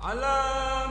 Allah,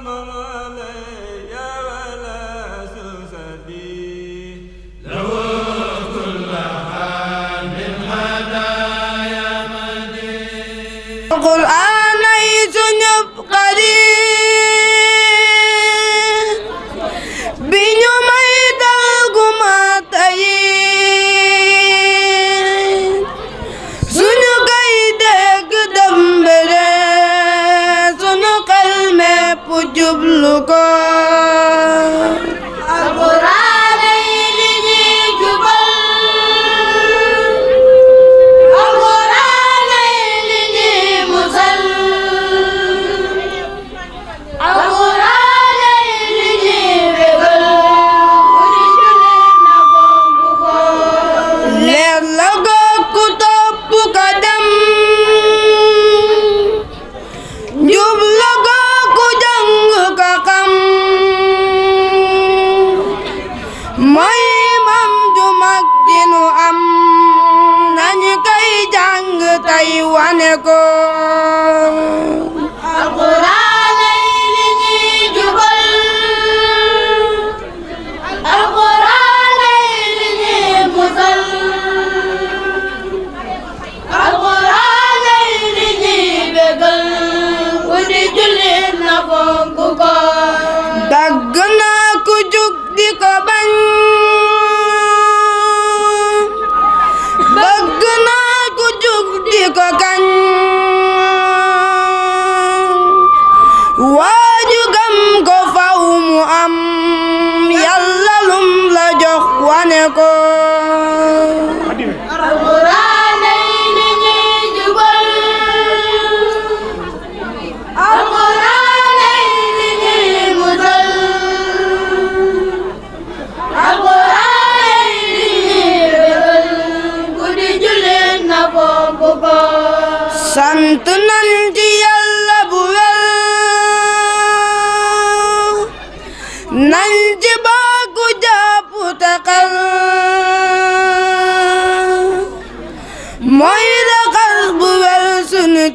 ko alxuraan ay ni ñuy jubal alxuraan ay ni ñuy musal alxuraan ay ni ñuy bégal guddi jullit na fonk ko sant na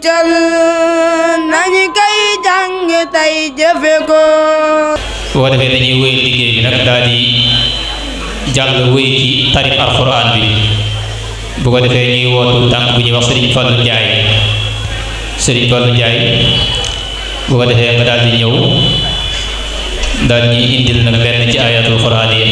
muccal nañu koy jàng tey jëfe ko su liggéey bi nag daal di jàll wéy ci tarif alxuraan bi bu ko defee ñuy wootu tànk bu ñuy wax sëriñ Fallou Ndiaye sëriñ Fallou Ndiaye bu ko defee nga daal di ñëw daal ñuy indil nag benn ci ayatul xuraan yi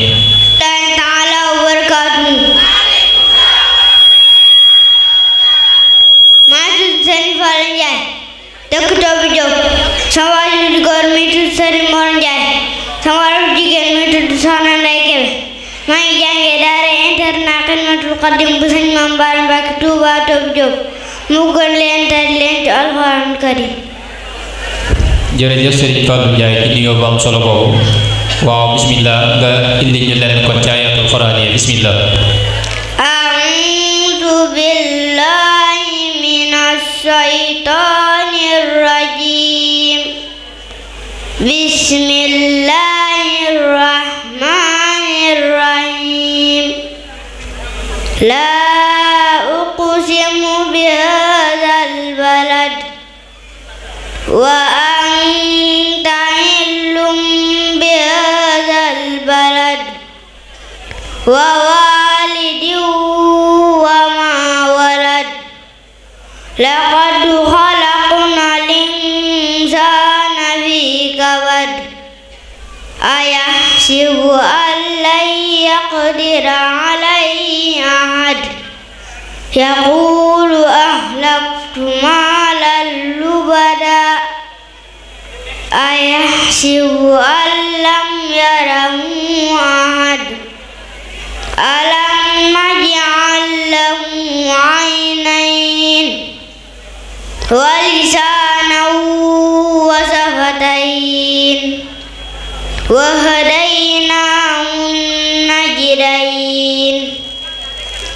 Diop mu gën leen tari leen ci alxuraan karim jërëjëf Serigne Fallou Ndiaye ci nuyoo bu am solo boobu waaw bismillah nga indi ñu leen kon ci ayatul quraan yi bismillah a'udhu billahi minash shaytanir rajim bismillahir rahmanir rahim وأنت حل بهذا البلد ووالد وما ولد لقد خلقنا الإنسان في كبد أيحسب أن لن يقدر عليه أحد يقول أهلكت مالا أيحسب أن لم يره أحد ألم نجعل له عينين ولسانا وشفتين وهديناه النجدين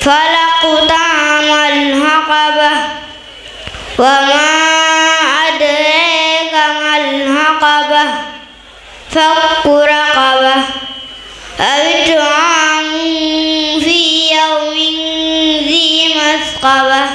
فلقطعنا الحقبة وما العقبة فك رقبة أو إطعام في يوم ذي مسقبة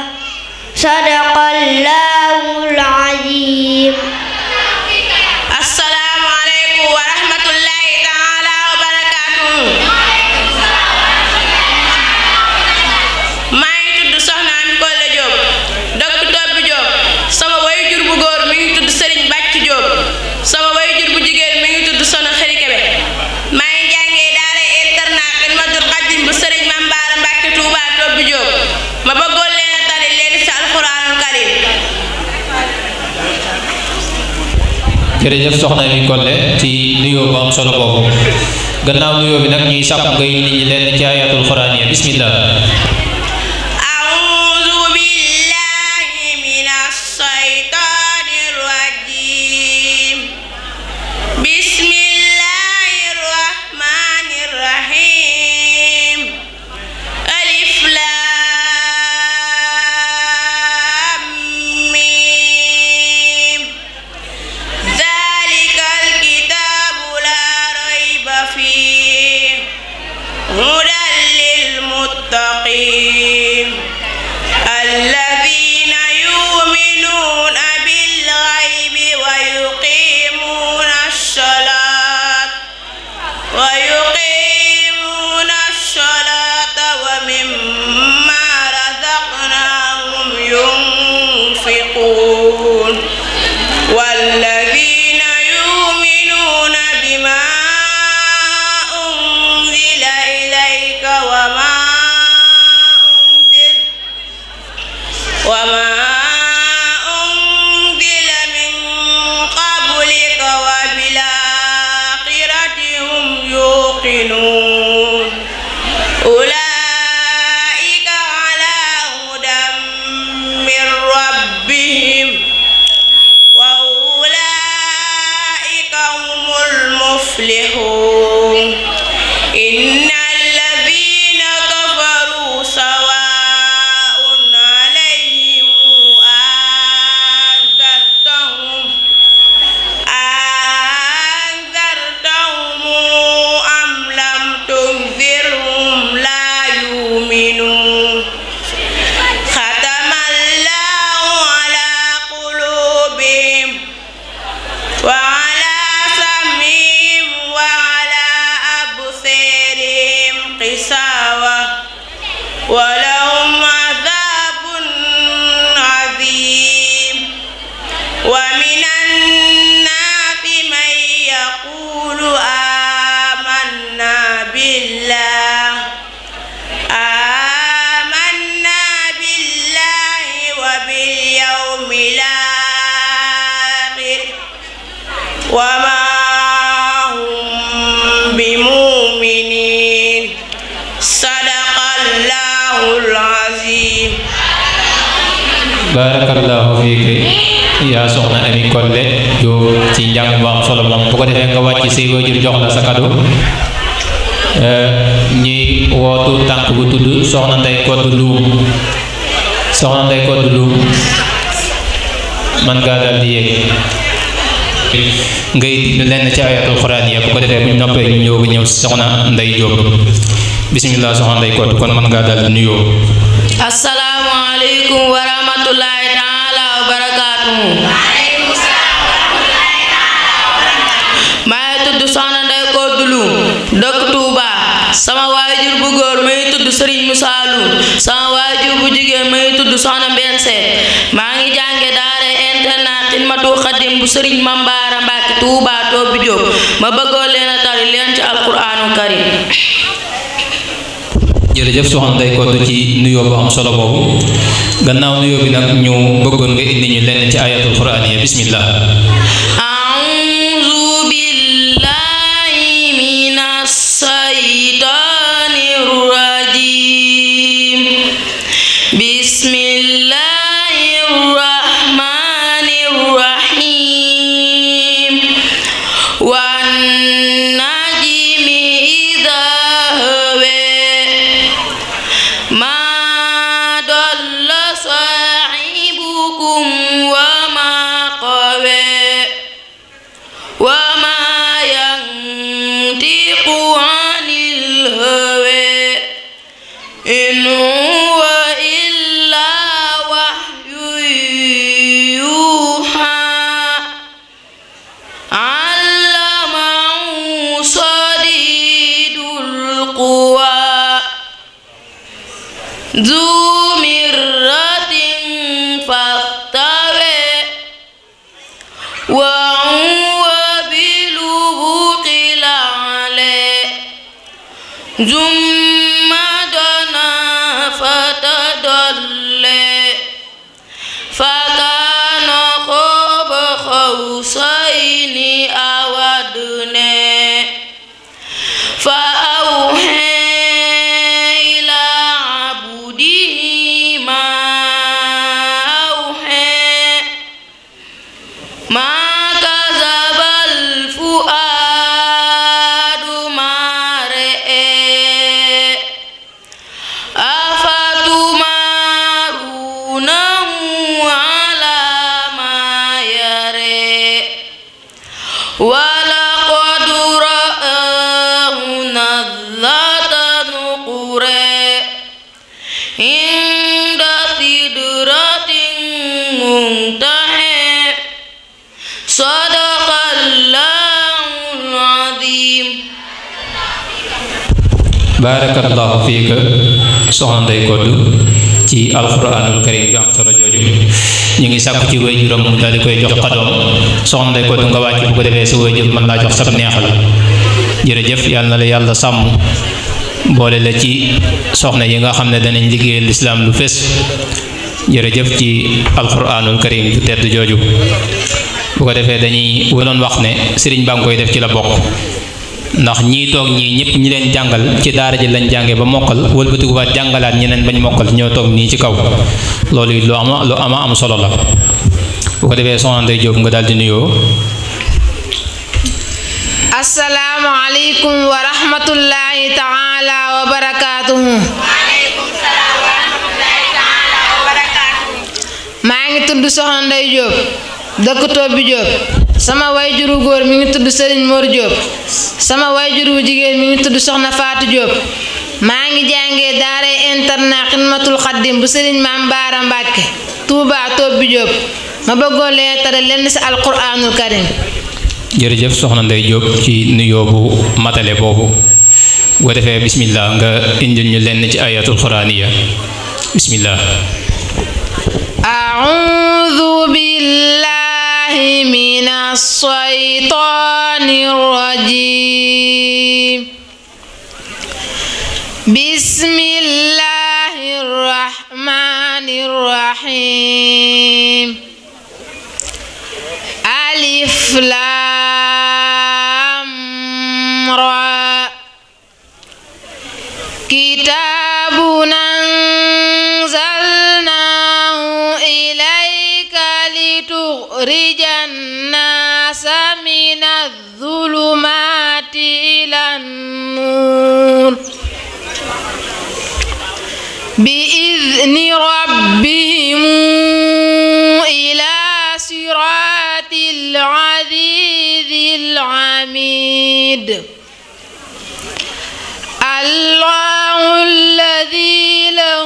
jërëjëf soxna mi Kolle ci nuyoo bu am solo boobu gannaaw nuyoo bi nag ñuy sàpp ngay nit ñi leen ci ayatul xuraan ya bismillah ko defee nga wàcc say waajur jox la sa kado ñuy wootu tànk bu tudd soxna nday kodd luum soxna nday kodd luum man ngaa daal di yéeg ngay diglu lenn ci ayatul xuraan ya bu ko defee buñ noppee ñu ñëw ba ñëw soxna nday jóob bismillah soxna nday kodd kon man ngaa daal di nuyoo assalaamu wa rahmatullahi taala wa barakaatuhu tudd Serigne Moussa Loum sama waajur bu jigéen ma ngi tudd Soxna Mbense maa ngi jànge daara internat xidmatu xadim bu Serigne Mambaara Mbàkke Tuuba Toobi Jóob ma bëggoon leen a leen ci alquraanu karim jërëjëf soxna Ndeye Koto ci nuyoo bu am solo boobu gannaaw nuyoo bi nag ñu bëggoon nga indi ñu lenn ci ayatul quraan bismillah sadaqallaahul aziim baarakallaahu fiika soxna Ndeye ci alxuraanul karim yu am jooju ñu ngi sàkku ci waajuram mu daal koy jox xadoom soxna Ndeye nga wàcc bu ko defee sa waajur mën laa jox sab neexal jërëjëf yal na la yàlla sàmm boole la ci soxna yi nga xam ne danañ liggéeyal lislaam lu fés jërëjëf ci alxuraanul karim ju tedd jooju bu ko defee dañuy wënoon wax ne sëriñ baa ngi koy def ci la bokk ndax ñii toog ñii ñëpp ñi leen jàngal ci daara ji lañ jàngee ba mokkal wëlbatiku ba jàngalaat ñeneen bañ mokkal ñoo toog nii ci kaw loolu it lu ama lu ama am solo la bu ko defee soxna Ndeye Diop nga daal di nuyoo. asalaamaaleykum wa rahmatullahi taala wa maa ngi tudd soxna Ndeye Diop. dëkk Tobbi Diop sama waay juru góor mi ngi tudd Serigne Mor Diop sama waay wayjuru jigéen mi ngi tudd Soxna Faatu Diop maa ngi jàngee daaray internat xidmatul xaddim bu Serigne Maam Baara Mbàkke Touba bi Diop ma bëggoon leen lenn si alquraanul karim jërëjëf Soxna Ndey Diop ci nuyoo bu matale boobu boo defee bismillah nga indil ñu lenn ci ayatul quraaniya bismillah من الشيطان الرجيم بسم الله الرحمن الرحيم ألف لام را كتاب أنزلناه إليك لتخرج النور بإذن ربهم إلى صراط العزيز العميد الله الذي له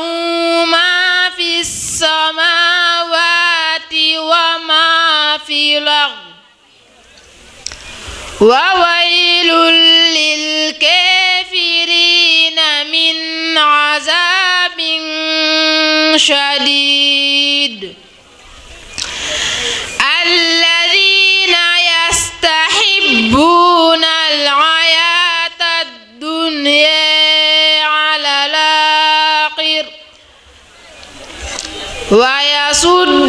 ما في السماوات وما في الأرض وهو شديد الذين يستحبون الحياة الدنيا على الآخر ويصد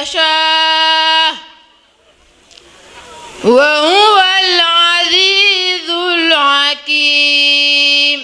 يشاء وهو العزيز الحكيم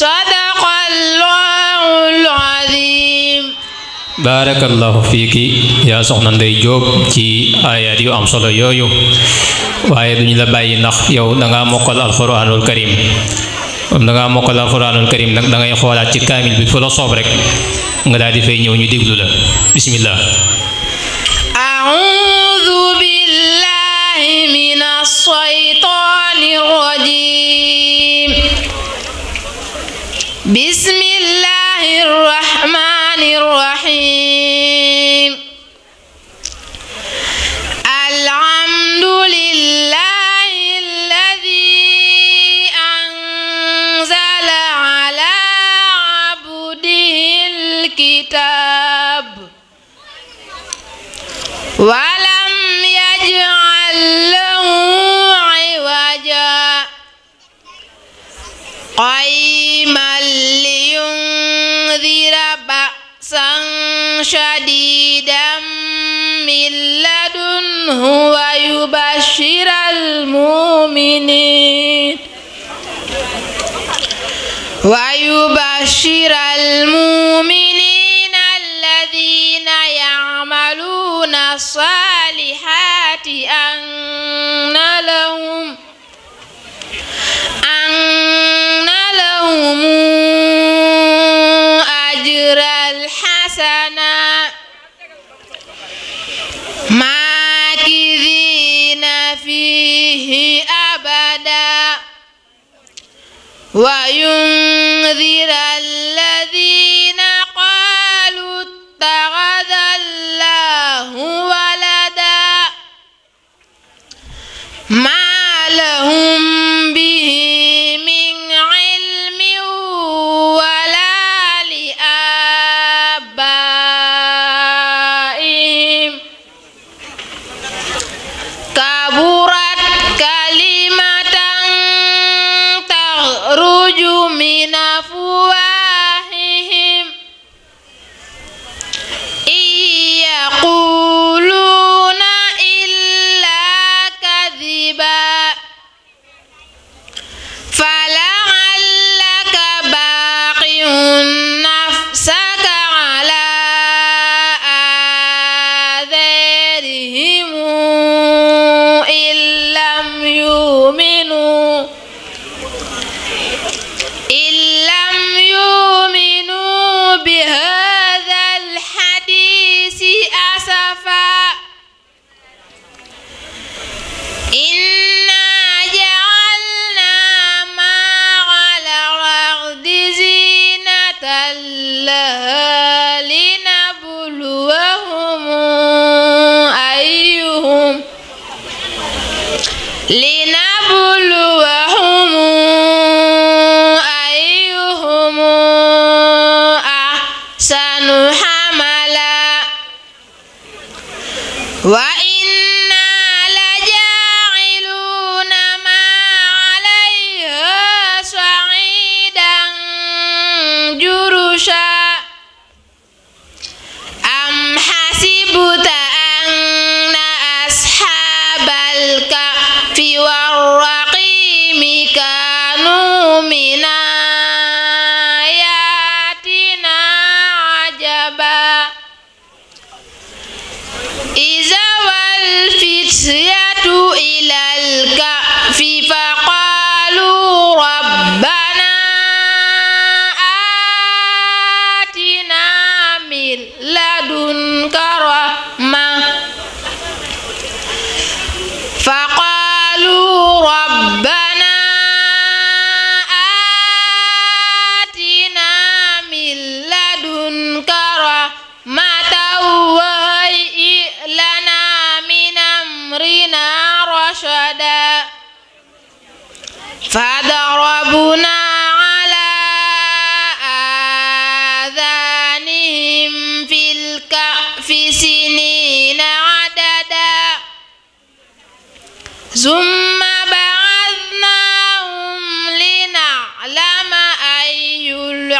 sadaqallahul azim barakallahu fiiki yaa soxna Ndey Jóob ci ayaat yu am solo yooyu waaye duñu la bàyyi ndax yow danga mokkal alxuraanul karim moom dangaa mokkal alxuraanul karim nag dangay xoolaat ci kaamil bi fu la soob rek nga daal di fay ñëw ñu déglu la bismillah شديدا من لدنه ويبشر المؤمنين ويبشر المؤمنين الذين يعملون الصالحات أن وينذر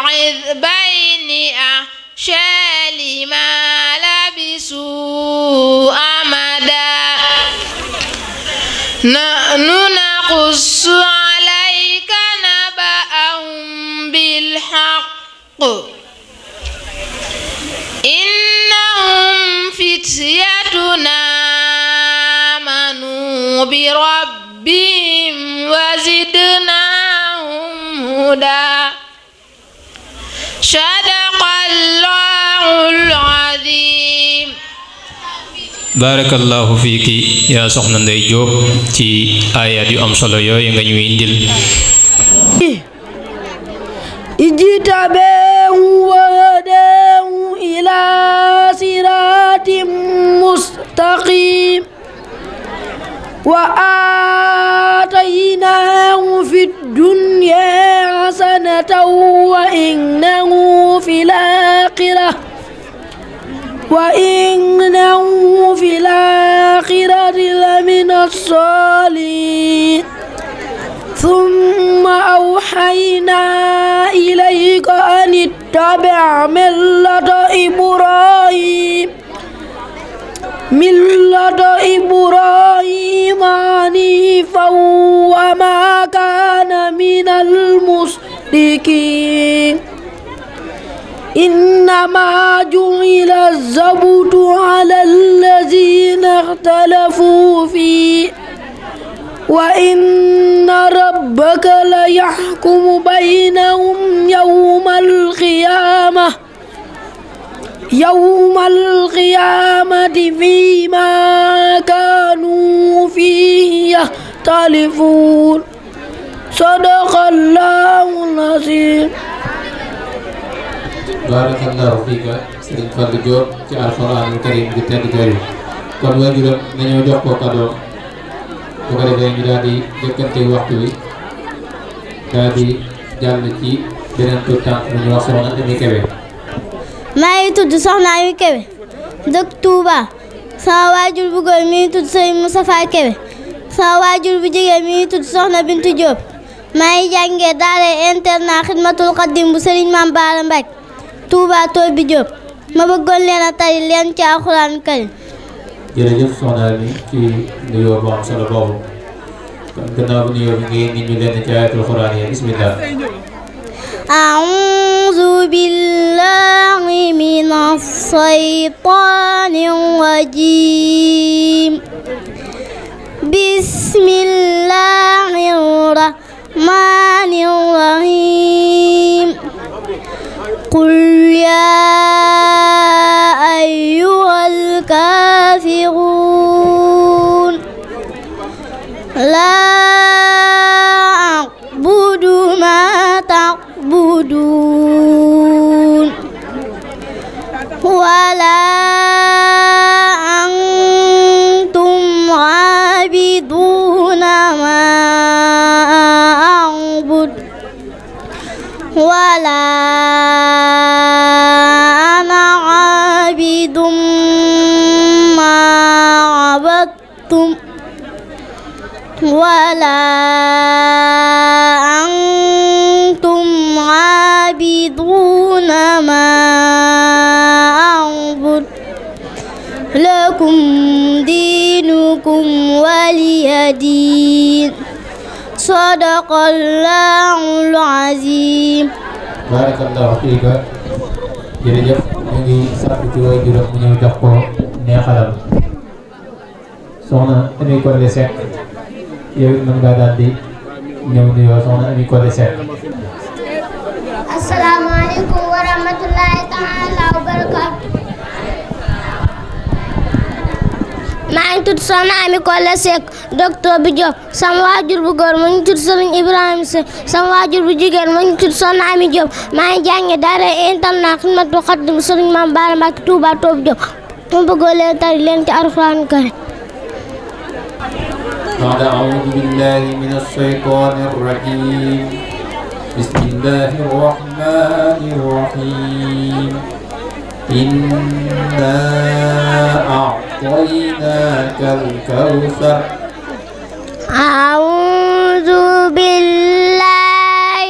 العذبين أحشال ما لبسوا أمدا نحن نقص عليك نبأهم بالحق إنهم فتيتنا آمنوا بربهم وزدناهم هدى sadaqallaahul aziim baarakallaahu yu am solo yooyu nga ñuy indil ijtabaahu wa hadaahu ilaa siraatin آتيناه في الدنيا حسنة وإنه في الآخرة وإنه في الآخرة لمن الصالحين ثم أوحينا إليك أن اتبع ملة إبراهيم ملة إبراهيم عنيفا وما كان من المشركين إنما جعل الزبط على الذين اختلفوا فيه وإن ربك ليحكم بينهم يوم القيامة يوم القيامة فيما كانوا فيه يختلفون صدق الله العظيم barakallahu fiika sëriñ Fallou Diop ci alxuraanul karim kita gitu ya, tedd jori kon waajuram nañoo jox ko kadoo bu ko defee ñu daal di jëkkante waxtu wi daal maa ngi tudd Soxna Ami Kebe dëkk Touba sama waajur bu góor mi tudd Soxna Bintu Diop maa ngi jàngee daara internat Xidmatul Xadim bu Serigne Mame Bara Mbacke Touba Tobi Diop ma bëggoon leen a tari leen ci alxuraan karim. jërëjëf Soxna Ami ci nuyoo bu am boobu kon gannaaw bu nuyoo bi ngeen ñu leen ci ayatul xuraan yi bismillah أعوذ بالله من الشيطان الرجيم بسم الله الرحمن الرحيم قل يا أيها الكافرون لا يعبدون ولا sadaqallahul azim barakallahu fiika jërëjëf ñu ngi sàkku ci way juróom mu ñëw jox ko neexalal soxna Amy Collé Seck yow it mën ngaa daal di ñëw nuyoo soxna Amy Collé Seck asalaamaaleykum wa rahmatullahi maa ngi tudd Soxna Ami Kolle Seck docteur bi Diop sama waajur bu góor mu ngi tudd Sëriñ Ibrahima Seck sama waajur bu jigéen mu ngi tudd Soxna Ami Diop maa ngi jànge daara internat Xidmatul Xaadim Sëriñ Maam Bara Mbàkke Tuuba Toob tari leen ci Alxuraan Karim بعد أعوذ بالله من الشيطان الرجيم بسم إنا أعطيناك الكوثر أعوذ بالله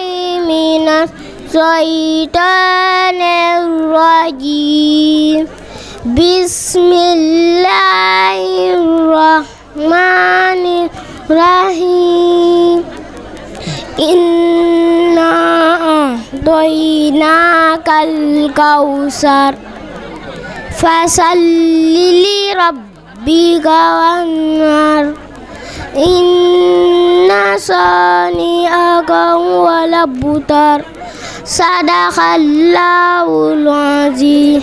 من الشيطان الرجيم بسم الله الرحمن الرحيم إنا أعطيناك الكوثر فصل لربك وانهر إن صانئك هو الأبتر صدق الله العظيم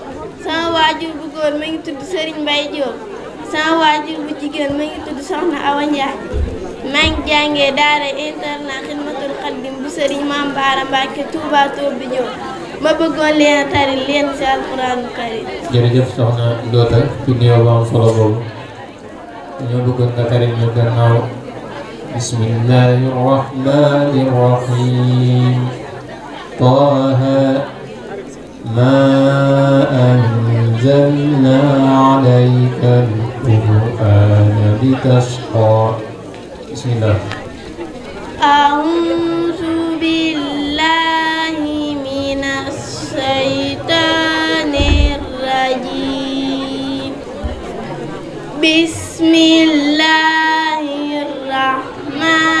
góor ma ngi tudd Serigne Mbaye Diop sama waajur bu jigéen ma ngi tudd Soxna Awa Ndiaye maa ngi jàngee daara internat xidmatul xaddim bu Serigne Mame Bara Mbacké Touba bi Diop ma bëggoon leen a tari leen ci alxuraanu karim jërëjëf soxna Ndoota ci néew ba am solo boobu ñoo bëggoon nga tari ñu gannaaw طه ما أنزلنا عليك القرآن لتشقى بسم الله أعوذ بالله من الشيطان الرجيم بسم الله الرحمن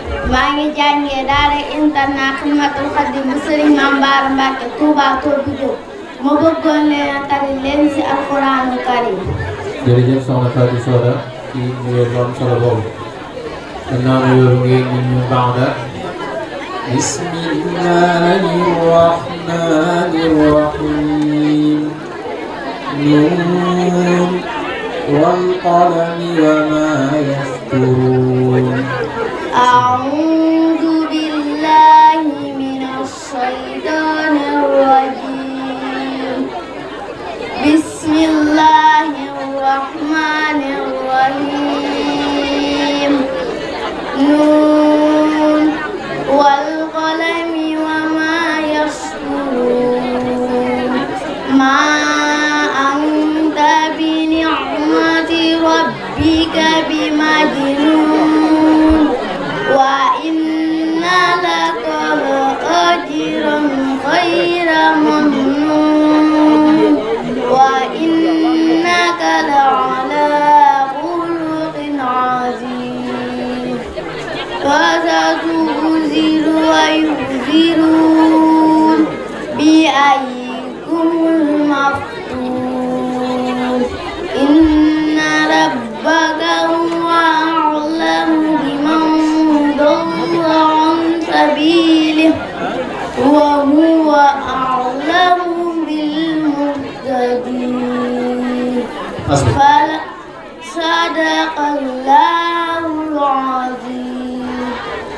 mangi jangé jàngee daara internat Xidmatul Xaadim bu Sëriñ Maam Touba Tour bi Diop ma bëggoon leen a ya, tari leen si alxuraanu karim. jërëjëf soxna Fatou Soda ci ñu bu am solo boobu. gannaaw ñu yoru ngi ñu ñu baax na. bismillahi wal qalami wa ma yasturun أعوذ بالله من الشيطان الرجيم بسم الله الرحمن الرحيم نون والقلم وما يشكرون ما أنت بنعمة ربك بمجد تستكبرون بأيكم المفتون إن ربك هو أعلم بمن ضل عن سبيله وهو أعلم بالمهتدين صدق الله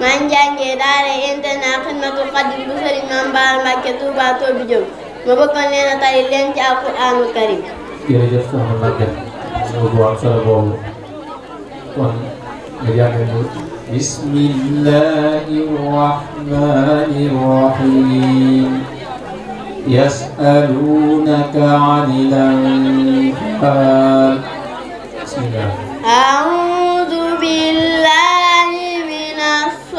maa ngi jàngee daara internat Xidmatul Xaadim bu Sëriñ Maam Bara Mbàkke Tuuba Toobi Jóob ma bëggoon leen a tari leen ci alquraanul karim jërëjëf iya, iya, iya, soxna Mbàkke ñu bu am solo boobu kon nga jàng ñu bismillahi rahmani rahim yasalunaka anil anfaal bismillah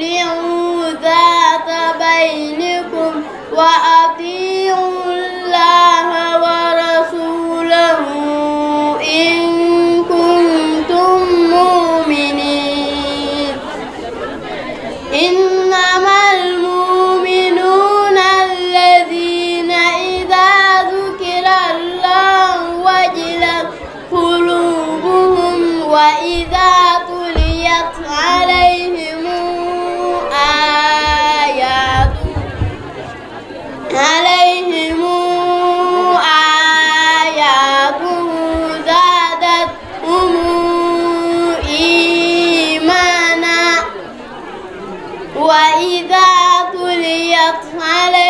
أصلحوا ذات بينكم وأطيعوا 妈嘞！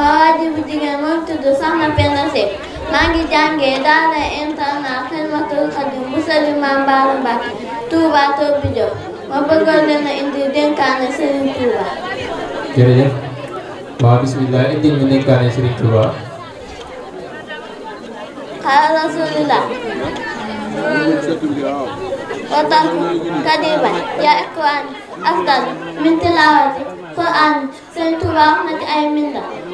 Hadi bu diga noktu do sahna penase. Mangi jange dana enta na fen matu kadu musali mambaru baki. Tuba to bijo. Mabagol dana indi den kane sirin tuba. ya. Ba bismillah indi mini kane sirin tuba. Kala rasulila. Watan kadiba ya ekuan. Afdal min Quran sirin tuba ahmad ay minna.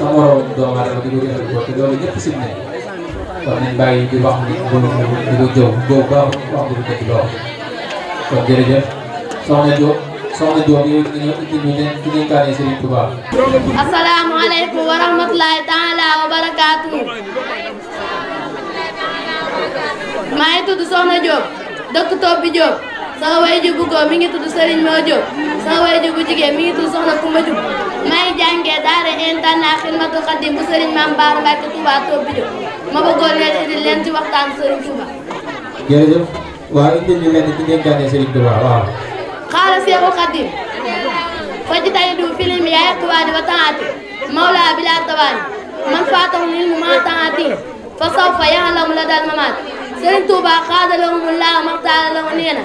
sa moroom doomu aadama di ko defal ko te loolu ñëpp si nañ kon nañ bàyyi di wax ni bu ko jëw jëw baaxul wax di ko dëgg lool kon jërëjëf soxna Diop soxna Diop yow ñu ñëw indi ñu wa rahmatulahi taala tudd Soxna Diop dëkk Tobi Diop. sama waajur bu góor mi ngi tudd Serigne Mor Diop sama waajur bu jigéen mi ngi tudd Soxna Kumba Diop maa ngi jàngee daara internat Xidmatul Xadim bu Serigne Mame Bara Mbacké Touba Tobi Diop ma bëggoon leen indi leen ci waxtaan Serigne Touba. jërëjëf waaw indi ñu leen ci dénkaane Serigne Touba waaw. xaala Seexu Xadim fajtanidu fil ilmi yaa ikhwaani wa taati mawla bila tawaani man faatahu lil mu ma taati fa sawfa ya'lamu la dal mamaat Sëriñ Tuubaa xaadalawul mu laa maxtaalalaw nee na na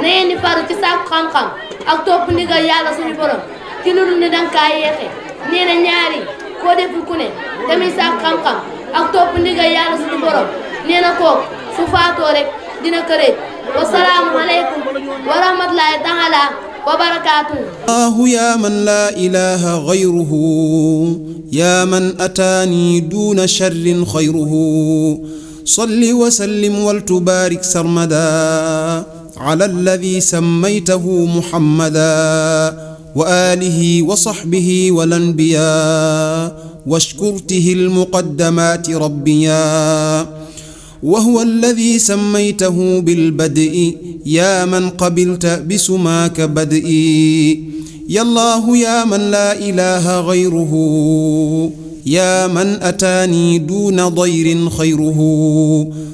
ngeen di faru ci sàkku xam-xam ak topp ndigal yàlla suñu borom ci lu dul ne danga kaa yeexe nee na ñaari koo deful ku ne tamit sàkku xam-xam ak topp ndigal yàlla suñu borom nee na kooku su faatoo rek dina këreej wasalaamu aleykum wa rahmatulaahi taala وبركاته الله يا من لا إله غيره يا من أتاني دون شر خيره صل وسلم ولتبارك سرمدا على الذي سميته محمدا وآله وصحبه والأنبياء واشكرته المقدمات ربيا وهو الذي سميته بالبدء يا من قبلت بسماك بدئي يا الله يا من لا إله غيره يا من أتاني دون ضير خيره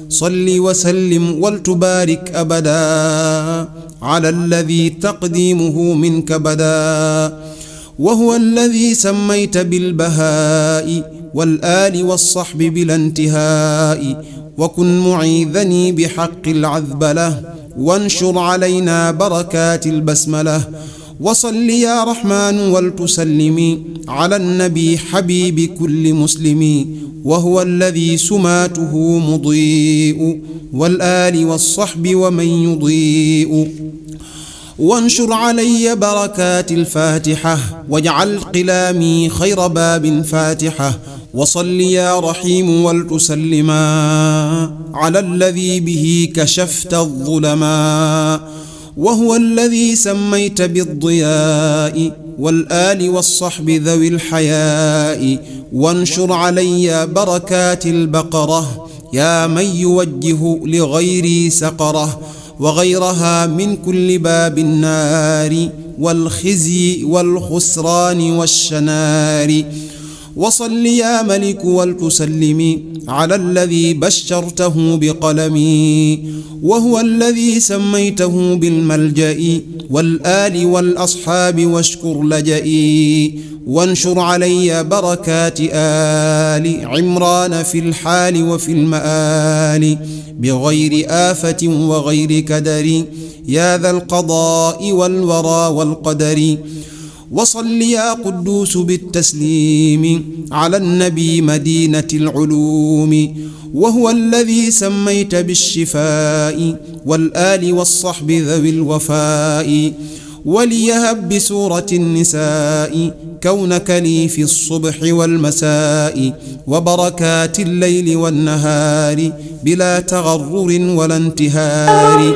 صل وسلم ولتبارك أبدا على الذي تقديمه منك بدا وهو الذي سميت بالبهاء والآل والصحب بلا انتهاء وكن معيذني بحق العذبلة وانشر علينا بركات البسملة وصل يا رحمن ولتسلم على النبي حبيب كل مسلم وهو الذي سماته مضيء والآل والصحب ومن يضيء وانشر علي بركات الفاتحة واجعل قلامي خير باب فاتحة وصل يا رحيم ولتسلما على الذي به كشفت الظلما وهو الذي سميت بالضياء والآل والصحب ذوي الحياء وانشر علي بركات البقرة يا من يوجه لغيري سقره وغيرها من كل باب النار والخزي والخسران والشنار وصل يا ملك ولتسلمي على الذي بشرته بقلمي وهو الذي سميته بالملجأ والآل والأصحاب واشكر لجئي وانشر علي بركات آل عمران في الحال وفي المآل بغير آفة وغير كدر يا ذا القضاء والورى والقدر وصل يا قدوس بالتسليم على النبي مدينة العلوم وهو الذي سميت بالشفاء والآل والصحب ذوي الوفاء وليهب بسورة النساء كونك لي في الصبح والمساء وبركات الليل والنهار بلا تغرر ولا انتهار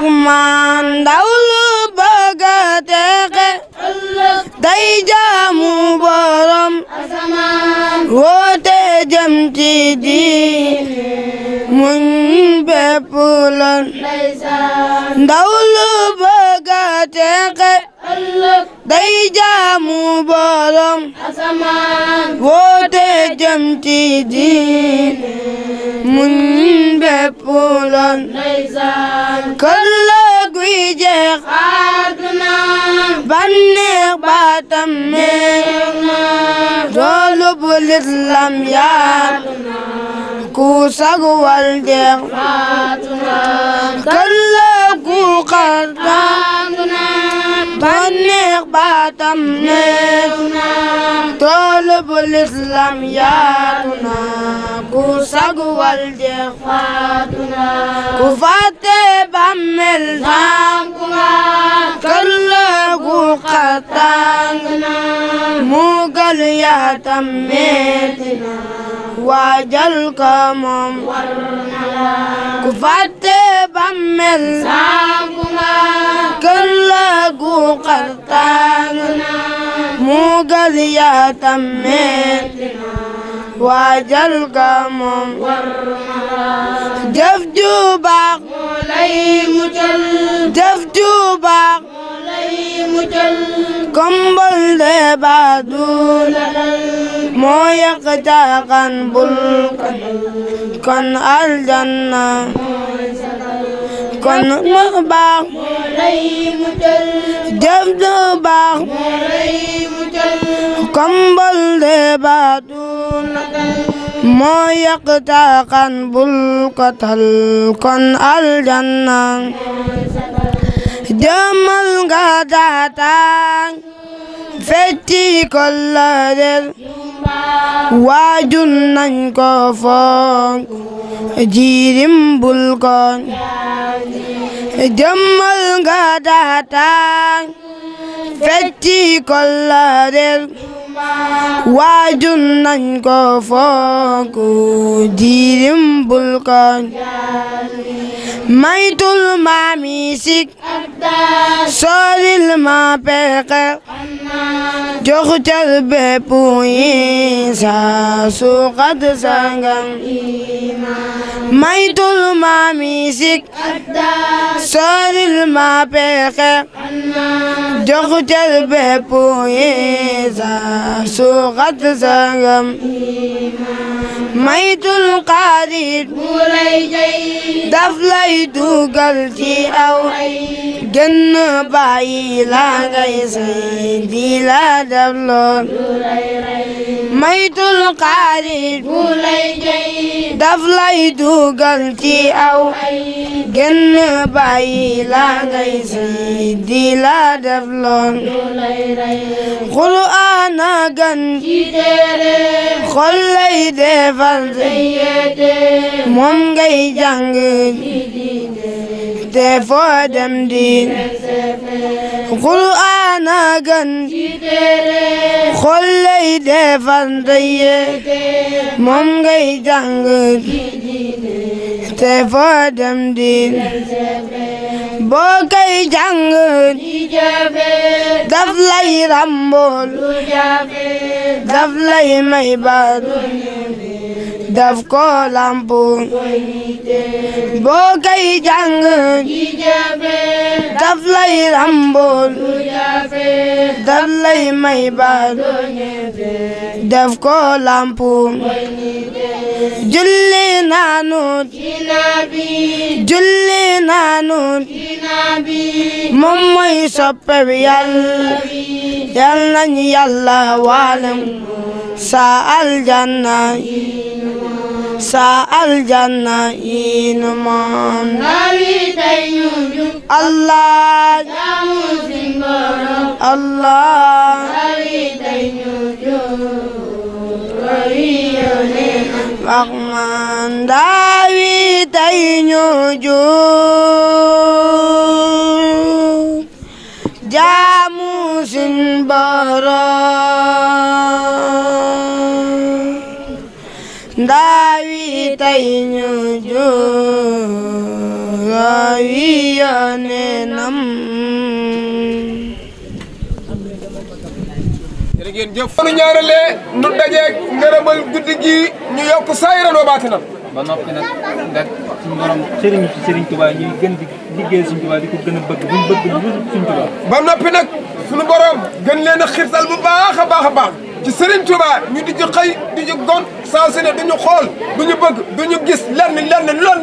ndax man ndaw lu a texe day jaamu borom woote jëm ci diine muñ bépp lon ndaw day jaamu borom asamaan woote jëm ci diine muñ bépp loon ndeysaan këllëg wi jeex àdduna banneex baatam meex na doolu bu lislam yaatuna ku saguwal jeex àdduna këllëg ku ba neex ba tam neex na toolub lislaam yaatu na ku saguwal jeex faatu ku fàtte bàmmeel tànku nga kër la gu xatang na mugal yaatam meeti na waajal ka moom war na la ku fàtte bàmmeel tànku nga kër la gu xatang na مغذية مثلنا واجل قمم جف جوبك مولاي مجل جف جوبك مولاي مجل كمبل دي بادولنا مو يقتا قنبل كن الجنة kon nag mu baatu natal moo yàq taaxaan bul ko kon aljanna jëmal fetti kollëre waajul nañ ko foon jiirim bul koon nga daataan fetti kollëre waajun nañ ko fonk diirim bul maytul ma misik soolil ma pexe jox cal bépp yi saa suuxat sangam maytul ma misik soolil ma pexe jox cal bépp yi saa سوقت سقم ميت القادر دفليت قلتي أو جن باي لا قيسي دي لا دفلون ميت القادر دفليت قلتي أو جن باي لا قيسي دي لا دفلون قل أنا maa gën ci téere xol lay defar moom ngay jàng te foo dem diin qur'aana gën ci te foo dem boo koy jàng daf lay ràmbool daf lay may baat daf lay ràmbool daf lay may def ko lampu julli naanu julli naanu moom mooy soppe bi yàlla yal nañu yàlla waalam sa aljanna sa aljanna yi nu moom nawi tay ñu jub allah jaamu sin borom allah nawi tay ñu jub فقما داويتين وجود جاموس بهرا داويتين وجود راويان نمر ngeen jëf nu ñaanalee nu dajeeg ngërëmal guddi gi ñu yokk saayiran wa ba noppi nag nga suñu borom sëriñu ci sëriñ Tuubaa ñuy gën di ba noppi nag suñu borom gën leen a xirtal bu a baax a ci sëriñ Tuubaa ñu di ci xëy di ci gon saa su ne duñu xool duñu bëgg duñu gis lenn lenn lool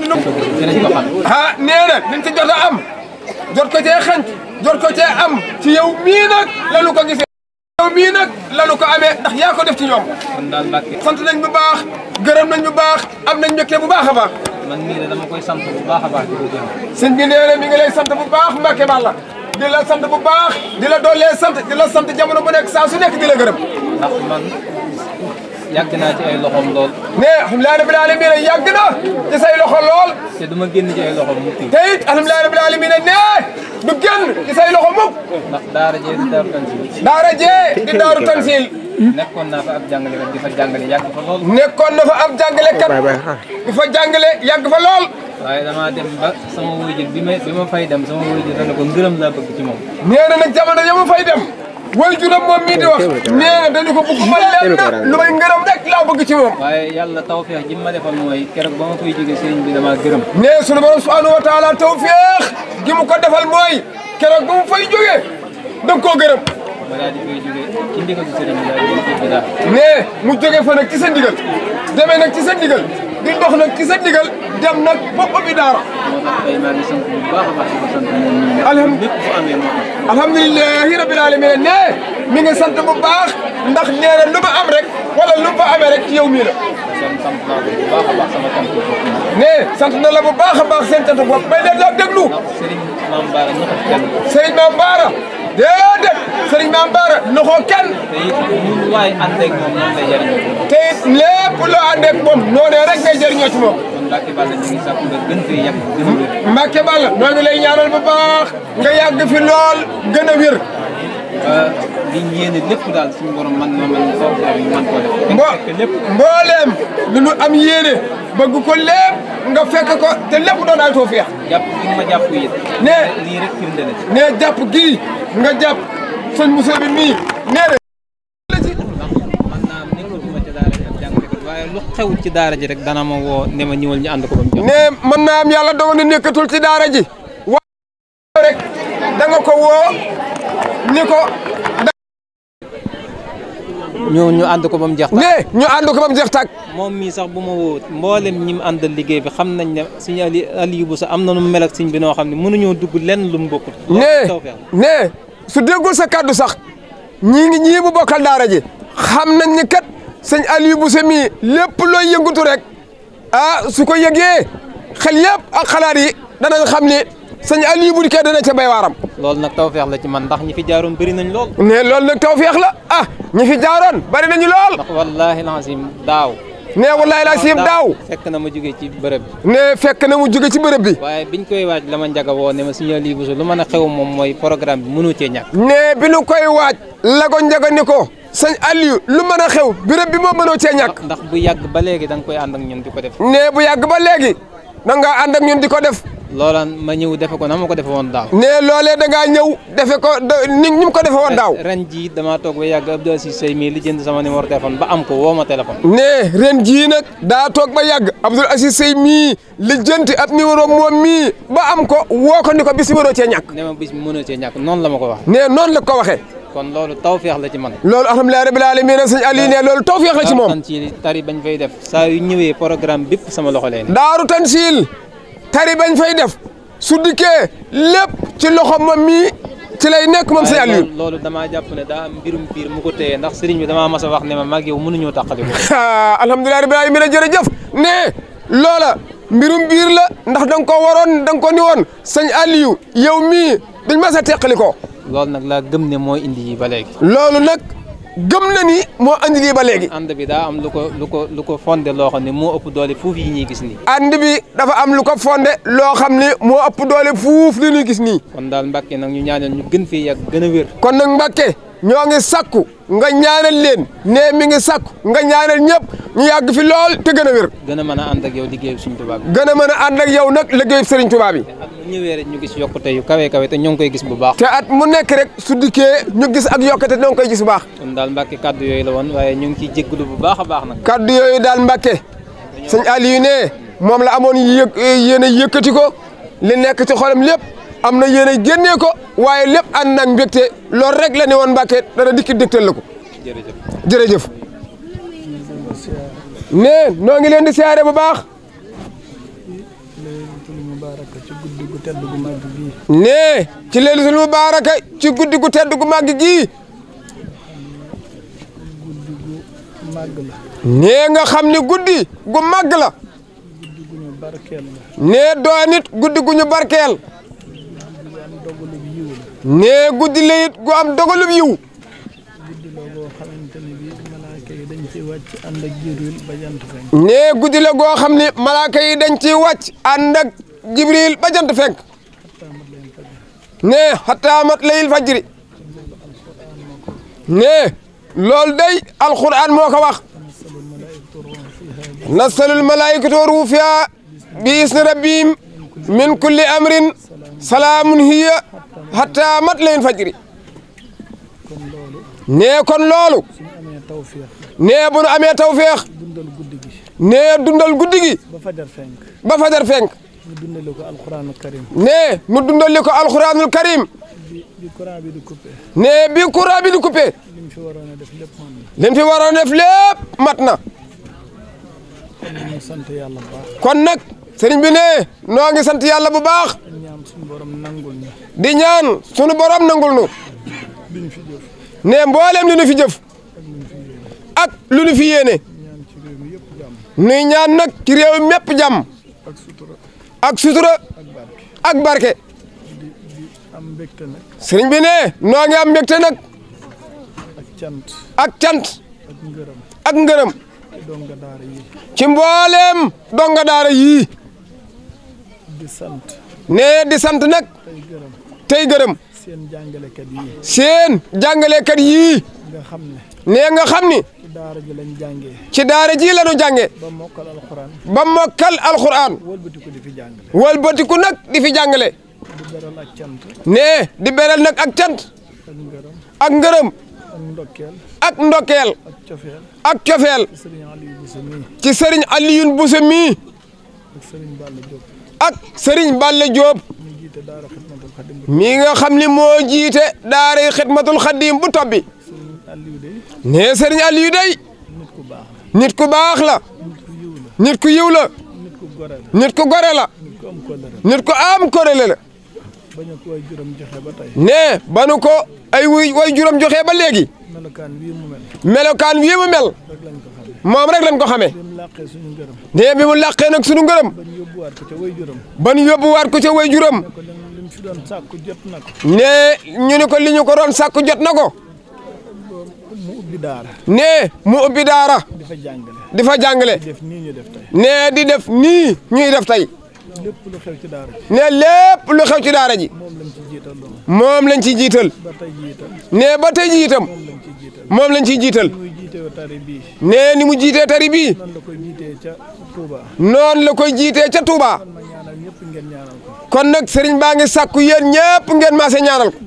jot a ko cee xanc jot ko cee am ci yow mii nag lalu ko gis yow mii nag lanu ko amee ndax yaa ko def ci ñoom. kon daal Mbacke. sant nañ bu baax gërëm nañ bu baax am nañ mbégte bu baax a baax. man mii de dama koy sant bu baax a baax di ko gërëm. sëñ bi nee na mi ngi lay sant bu baax Mbacke Balla di la sant bu baax di la doolee sant di la sant jamono bu nekk saa su nekk di la gërëm. ndax man. yàgg naa ci ay lool ne alhamdulilah rabbil alamin a yàgg na ci say loxo lool génn ci ay loxoom mukk te it alhamdulilah a ne du génn loxo mukk ndax daara jee di daaru tansil daara jee di daaru tansil nekkoon naa fa ab jàngalekat di fa jàngale yàgg fa lool nekkoon na fa ab jàngalekat di fa jàngale yàgg fa lool waaye damaa dem ba sama bi ma bi ma fay dem sama wóyjël na nag jamono ya ma way juróom moom mii di wax nee na ko bëgg ma leen lu may ngërëm rek laa bëgg ci moom waaye yàlla tawfeex ma defal mooy keroog ba ma koy jóge sëriñ bi dama gërëm nee sunu borom subhanahu wa taala gi ji mu ko defal mooy keroog ba mu fay jóge danga gërëm ma mu jóge fa nag ci sa ndigal demee nag ci sa di dox nag ci sa ndigal dem nag bopp bi daara. alhamdulilah rabbil alamin ne mi ngi sant bu baax ndax nee na lu ma am rek wala lu ma amee rek ci yow mii la. ne sant na la bu baax a baax seen cant bay dem daal déglu. Serigne Mame déedéet sëriñ Mame Bara noxoo kenn waay ànd ak moom noonu lay jëriñoo te it lépp loo ànd ak moom noonee rek ngay jëriñoo ci moom Mbacke Balla ñu ngi nga noonu lay ñaanal bu nga yàgg fi lool gën a wér liñ yéene lépp daal suñu borom man na man mbooleem lu nu am yéene bëgg ko lépp nga fekk ko te lépp doon ay tawfeex. jàpp gi ma jàpp yéen. ne lii ci. ne jàpp gi nga jàpp sëñ Moussa bi mii nee na. lu xew ci daara rek dana ma woo ne ma ñëwal ñu ànd ko ba mu jox. ne am yàlla dogal na ci daara ji. da nga ni ko. ñu ñu ànd ko ba mu jeex tàkk ñu ànd ko ba mu jeex moom mii sax bu ma wóor mboolem ñi mu àndal liggéey bi xam nañ ne suñu ali Aliou Bousso am na nu mu mel ak suñ bi noo xam ne mënuñoo dugg lenn lu mu bokkut. nee nee su déggul sa kaddu sax ñii ngi ñii bu bokkal daara ji xam nañ ni kat sëñ Aliou Bousso mii lépp looy yëngatu rek ah su ko yëgee xel yëpp ak xalaat yi danañ xam ni ali Aliou Bourké dana ci bay waram lol nak tawfiq la ci man ndax ñi fi jaaroon bari nañ lol ne lol nak tawfiq la ah ñi fi jaaroon bari nañ lol wallahi lazim daw daaw. ne wallaahi Daw. daaw fekk na mu jóge ci bërëb bi. ne fekk na mu jóge ci bërëb bi. waye biñ koy waaj lama ma wo woo ne ma sëñ ali Bousso lu mën a xew mom moy programme bi mënu ci ñak ne bi nu koy waaj. la ko njaga niko ko. ali lu xew bi mo ci ñak ndax bu ba dang koy and ak ñun diko def. ne bu ba da nga and ak ñun diko def loola ma ñëw defe ko na ma ko defe woon daaw. ne loolee da ngaa ñëw defe ko ni ni mu ko defe woon daaw. ren jii dama toog ba yàgg Abdou Aziz Seye mii li jënd sama numéro téléphone ba am ko woo ma téléphone. ne ren jii nag daa toog ba yàgg Abdou Aziz Seye mii li jënd ab numéro moom mii ba am ko woo ko ni ko bis mënoo cee ñàkk. ne ma bis mënoo cee ñàkk noon la ma ko wax. ne noon la ko waxee. kon loolu tawfeex la ci man loolu alhamdulilah rabbil alamin sëñ Aliou ne loolu tawfeex la ci moom daaru tansiil tari bañ fay def sa yu ñëwee programme bépp sama loxo leen daaru tansiil tari bañ fay def su diké lépp ci loxo mom mi ci lay nek mom sey Aliou loolu dama jàpp ne da am mbirum biir mu ko téye ndax serigne bi dama ma sa wax ne ma mag yow ñu tàqali ko alhamdulilah rabbil alamin jef ne loola mbirum biir la ndax dang ko waron dang ko ni woon sëñ Aliou yow mi dañ ma sa teqali ko loolu nag laa gëm ne moy indi yi ba léegi loolu nak gëm na ni moo andi ba léegi. ànd bi daa am lu ko lu ko lu ko fondé loo xam ne moo ëpp doole fuuf yi ñuy gis nii. ànd bi dafa am lu ko fondé loo xam ne moo ëpp doole fuuf li ñuy gis nii. kon daal Mbàkke nag ñu ñaanal ñu gën fee yàgg gën a wér. kon nag Mbàkke ñoo ngi sakku. nga ñaanal leen nee mi ngi sakku nga ñaanal ñëpp ñu yàgg fi lool te gën a wér. gën a mën a ànd ak yow liggéeyu Serigne Touba bi. gën a mën a ànd ak yow nag liggéeyu Serigne Touba bi. te at mu ñëwee rek ñu gis yokkute yu kawe te ñoo ngi koy gis bu baax. te at mu nekk rek su dikkee ñu gis ak yokkute ñoo koy gis bu baax. kon daal Mbacke kaddu yooyu la woon waaye ñu ngi ciy jégalu bu baax a baax na kaddu yooyu daal Mbacke sëñ Aliou ne moom la amoon yë yéen a yëkkati ko li nekk ci xolam lépp amna yene genné ko waye lepp and ak mbékté loolu rek la ne mbaké da na dikki dégtal lako ko. jërëjëf né no ngi leen di siaré bu baax. né ci laylatul mubaaraka ci guddi gu tedd gu mag gi né nga xamni guddi gu mag la. né do nit guddi gu ñu barkel nee guddi la it gu am dogalub yiw nee guddi la goo xam ne malaaka yi dañ ciy wàcc ànd ak jibril ba jant fenk nee xataa mat layil fajri nee loolu day alquran moo ko wax nasalul malaikatu ruhu fiha bi isni rabbihim min kulli amrin salaamun hiya حتى متلين فجري ني كون لولو ني بون امي توفيق ني دوندال غوديغي با فجر فنك با فجر فنك القران الكريم ني مو دوندال القران الكريم بي كوبي ني بي كورا بي لم ماتنا كون نك سيرن بي ني نوغي سانت يالله بو باخ di ñaan sunu borom nangul nu ne mboolem lu nu fi jëf ak lu nu fi yéene nuy ñaan nag ci réew mépp jàmm ak sutura ak barke sëriñ bi ne noo ngi am mbégte nag ak cant ak ngërëm ci mbooleem donga daara yii ne di sant nag tey gërëm. seen jàngalekat yii. seen jàngalekat yii. xam ne. nee nga xam ni. ci daara ji lañ ci daara ji la ñu jàngee. ba mokkal alxuraan. ba mokkal alxuraan. wëlbatiku di fi jàng wëlbatiku nag di jàngale. di beral nee di beral nag ak cant. ak ngërëm. ak ak ndokkeel. ak ndokkeel. ak cofeel. ak cofeel. ci sëriñ Alioune Bousso mii. ci sëriñ Alioune ak sëriñ Balla Diop. ak mi nga xam ni moo jiite daaray xidmatul xaddiim bu tobbi nee sëriñ Aliou day nit ku baax la nit ku yiw la nit ku gore la nit ku am korele la nee ba nu ko ay wuy way juróom joxe ba léegi melokaan wii mu mel moom rek lañ ko xamee nee bi mu làqee nag sunu ngërëm ban yóbbuwaat ko ca way juróom liñ fi doon sàkku jot na nee ñu ni ko li ñu ko doon sàkku jot na ko. mu ubbi daara. nee mu ubbi daara. di fa jàngale. di jàngale. di def def nee di def nii ñuy def tey. lépp ci daara ji. nee lépp lu xew ci daara ji. moom lañ ci jiital. moom lañ ci jiital. ba tey jiital. nee ba tey jiitam. moom lañ ciy jiital. nee ni mu jiitee tari bii. noonu la koy jiitee ca Touba. noonu la koy jiitee ca Touba. kon nag sëriñ baa ngi sàkku yéen ñëpp ngeen maase ñaanal ko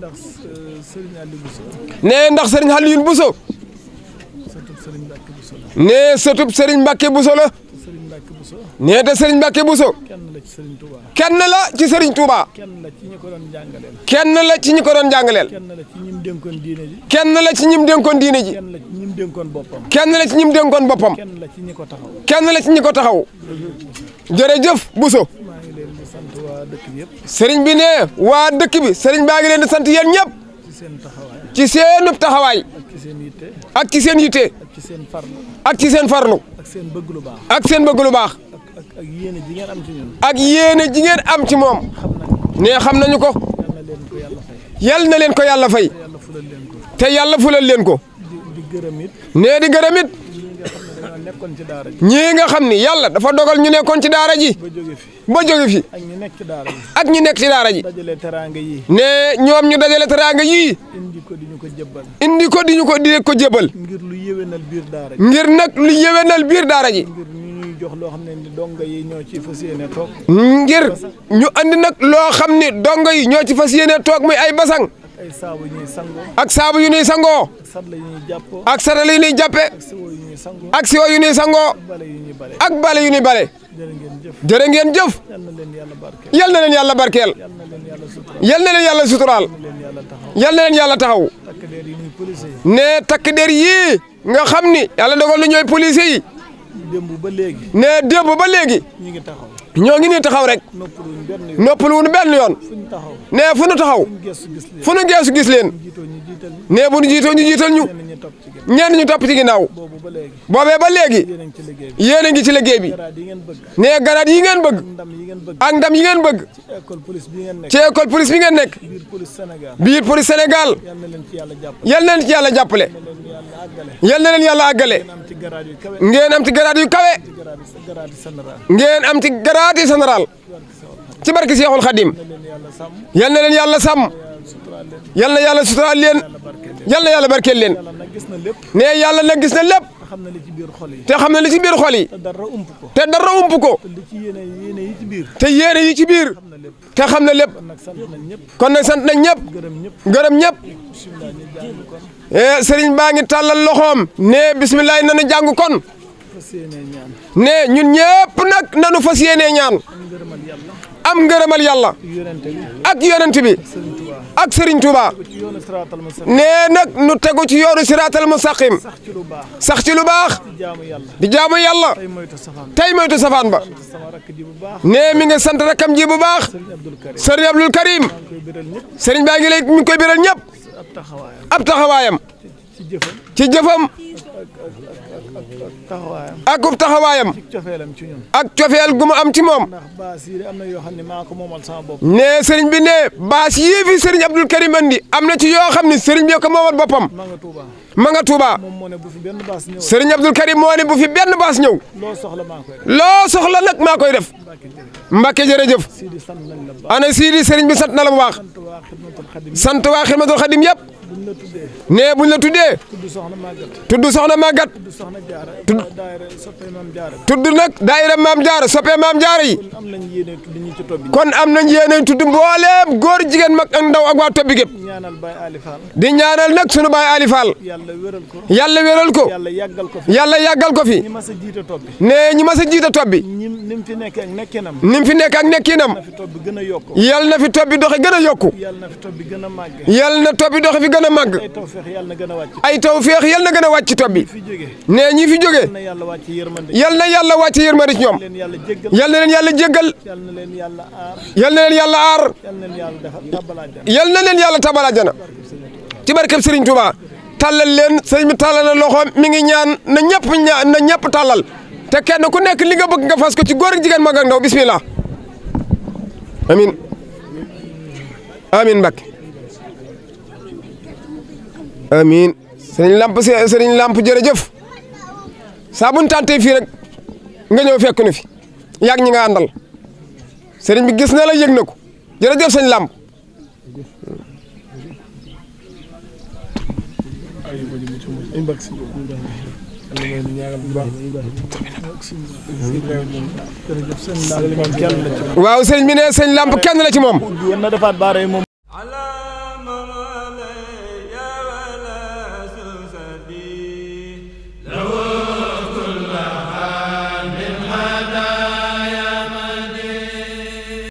nee ndax sëriñ Alioune Bousso nee sëtub sëriñ Mbacke Bousso la nee te sëriñ Mbacke Bousso kenn la ci sëriñ Touba kenn la ci ñi ko doon jàngaleel kenn la ci ñi ko doon jàngaleel kenn la ci ñim dénkoon diine ji kenn la ci ñim dénkoon diine ji kenn la ci ñim dénkoon boppam kenn la ci kenn la ci ñi ko taxaw kenn la ci ñi ko taxaw jërëjëf Bousso sëriñ bi ne waa dëkk bi sëriñ baa ngi leen di sant yéen ñëpp ci seen taxawaay ak ci seen yitte ak ci seen farlu ak seen bëgg lu baax ak seen bëgg baax ak yéene ji ngeen am ci ñun ak yéene ji ngeen am ci moom ne xam nañu ko yal na leen ko yàlla fay te yàlla fulal leen ko nee di gërëm nekkoon ci daara ji ñii nga xam ni yàlla dafa dogal ñu nekkoon ci daara ji ba jóge fi ba jóge fi ak ñu nekk ci daara ji ak ñu nekk ci daara ji dajale yi ne ñoom ñu dajale teraanga yii yi ko ko jëbbal indi ko di ñu ko di ko jëbbal ngir lu yéwénal biir daara ji ngir nag lu yéwénal biir daara ji jox loo xam ne donga yi ñoo ci fas yéene toog. ngir ñu andi nag loo xam ne donga yi ñoo ci fas yéene toog muy ay basang. ay saabu yu ñuy ak saabu yu ñuy sangoo. ak satala yu ñuy jàppoo. ak satala yu ñuy jàppee. ak siwo yu ñuy sangoo. ak siwo yu ñuy bale yu ñuy bale. ak bale ngeen jëf jërë ngeen jëf. yal na leen yàlla barkeel. yal na leen yàlla barkeel. yal na yàlla suturaal. yal na leen yàlla taxaw. ne takk der yii nga xam ni. yàlla dogal na ñooy policiers yi. ba léegi. ne démb ba léegi. ñu ngi taxaw. ñoo ngi nii taxaw rek noppalu wuñu benn yoon nee fu nu taxaw fu nu geesu gis leen nee bu nu jiitoo ñu jiital ñu ñenn ñu topp ci ginnaaw boobee ba léegi yéen a ngi ci liggéey bi nee garaat yi ngeen bëgg ak ndam yi ngeen bëgg ci école police bi ngeen nekk biir police Sénégal yal na leen ci yàlla jàppale yal na leen yàlla àggale ngeen am ci garaat yu kawe ngeen am ci garaat yi général ci barki Seexul Xadim yal na leen yàlla sàmm. yal na yàlla suturaal leen yal na yàlla barkeel leen ne yàlla nag gis na lépp te xam na li ci biir xol yi te li ci biir xol yi te dara ump ko te dara ump te yéene yi ci biir te xam na lépp kon nag sant na ñëpp gërëm ñëpp eh, sëriñ baa ngi tàllal loxoom ne bisimilah nanu jàng kon ne ñun ñëpp nag nanu fas yéenee ñaan. am ngërëmal yàlla ak yonent bi ak Serigne Touba nee nag nu tegu ci yoonu siraatal mustaqim sax ci lu baax di jaamu yàlla tey moytu safaan ba nee mi nga sant rakam ji bu baax Serigne Abdul Karim Serigne baa ngi lay mi koy biral ñëpp ab taxawaayam ci jëfam. akub taxawaayam. ak cofeel gu mu am ci moom. nee sëriñ bi ne baas yii fi sëriñ Abdul Karim andi am na ci yoo xam ne sëriñ bi ko moomal boppam. ma nga Touba. sëriñ Abdul Karim moo ne bu fi benn baas ñëw. loo soxla nag maa koy def. Mbacke jërëjëf. ana Sidi sëriñ bi sant na la bu baax. sant waa Xidmatul Xadim yëpp. la tuddee. nee buñ la tuddee. tudd soxna Magat. tudd soxna Magat. tudd soxna Jaara. tudd daayira soppee maam Jaara. tudd nag daayira maam Jaara soppee maam Jaara yi. kon am nañ yéene tudd ñi ci topp kon am nañ yéene tudd mbooleem góor jigéen mag ak ndaw ak waa topp bi gépp. di ñaanal nag sunu Baye Ali Fall. yàlla wéral ko. yàlla wéral ko. fi. yàlla yàggal ko fi. ñi mas a jiite topp nee ñi mas a jiite topp bi. ñi ni fi nekk ak nekkinam. ni mu fi nekk ak nekkinam. yàlla na fi topp bi doxe gën a yokku. yàlla na a màgge. yàlla na doxe fi gën a màgg ay tawféex yal na gën a wàcc tob bi nee ñi fi jóge yal na yàlla wàcc yërmande ci ñoom yal na leen yàlla jéggal yal na leen yàlla aar yal na leen yàlla tabal àjjana ci barkeb Serigne Touba tàllal leen sëriñ bi tàllal na loxoom mi ngi ñaan na ñëpp ñaan na ñëpp tàllal te kenn ku nekk li nga bëgg nga fas ko ci góor ak jigéen mag ak ndaw bismillah amin amin Mbacke Amin. serigne Lamp serigne Lamp jërëjëf saa bu ñu tàntee fii rek nga ñëw fekk nu fi yàgg ñi nga andal serigne bi gis na la yegg nako ko Lamp. waaw bi ne Lamp kenn la ci